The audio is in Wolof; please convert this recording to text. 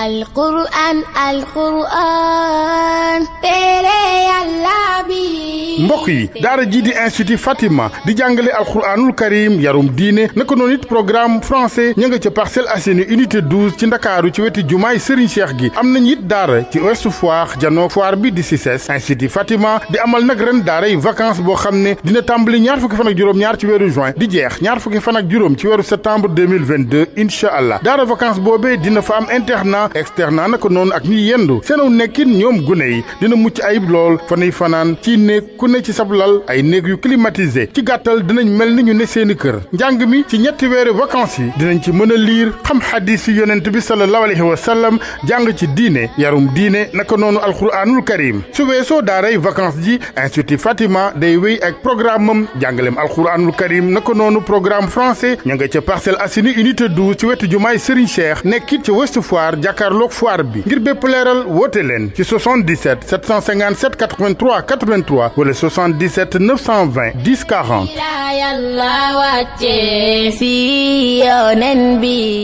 alquran alquran téere mbokk yi daara ji di institut Fatima di jàngale alxuraanul karim yarum diine naka noonu it programme français ña nga ca Parcelles Assainies unité 12 ci ndakaaru ci weti jumaay Serigne Cheikh gi am nañ it daara ci Ouest Foire janoo foire bi di CICES institut Fatima di amal nag daar daaray vacances boo xam ne dina tàmbali ñaar fukki fan juróom-ñaar ci weeru juin di jeex ñaar fukki fan ak juróom ci weeru septembre 2022 incha allah daara vacances boobee dina fa am internat externat naka noonu ak ñiy yendu seenaw nekkin ñoom gune yi dina mucc ayib lool fanay fanaan ne ci sab lal ay néeg yu climatisé ci gàttal dinañ mel ni ne seeni kër njàng mi ci ñetti weeri vacances yi dinañ ci mën a liir xam xadis yi yonent bi sallallahu alayhi wa sallam jàng ci diine yarum diine naka noonu alxuraanul karim su weesoo daaray vacances ji institut Fatima day wéy ak programme am jàngaleem alxuraanul karim naka noonu programme français ña nga ca Parcelles Assainies unité 12 ci wetu jumaay Serigne Cheikh nekkit ci Ouest Foire jàkkaarloog foire bi ngir 77 920 10 40.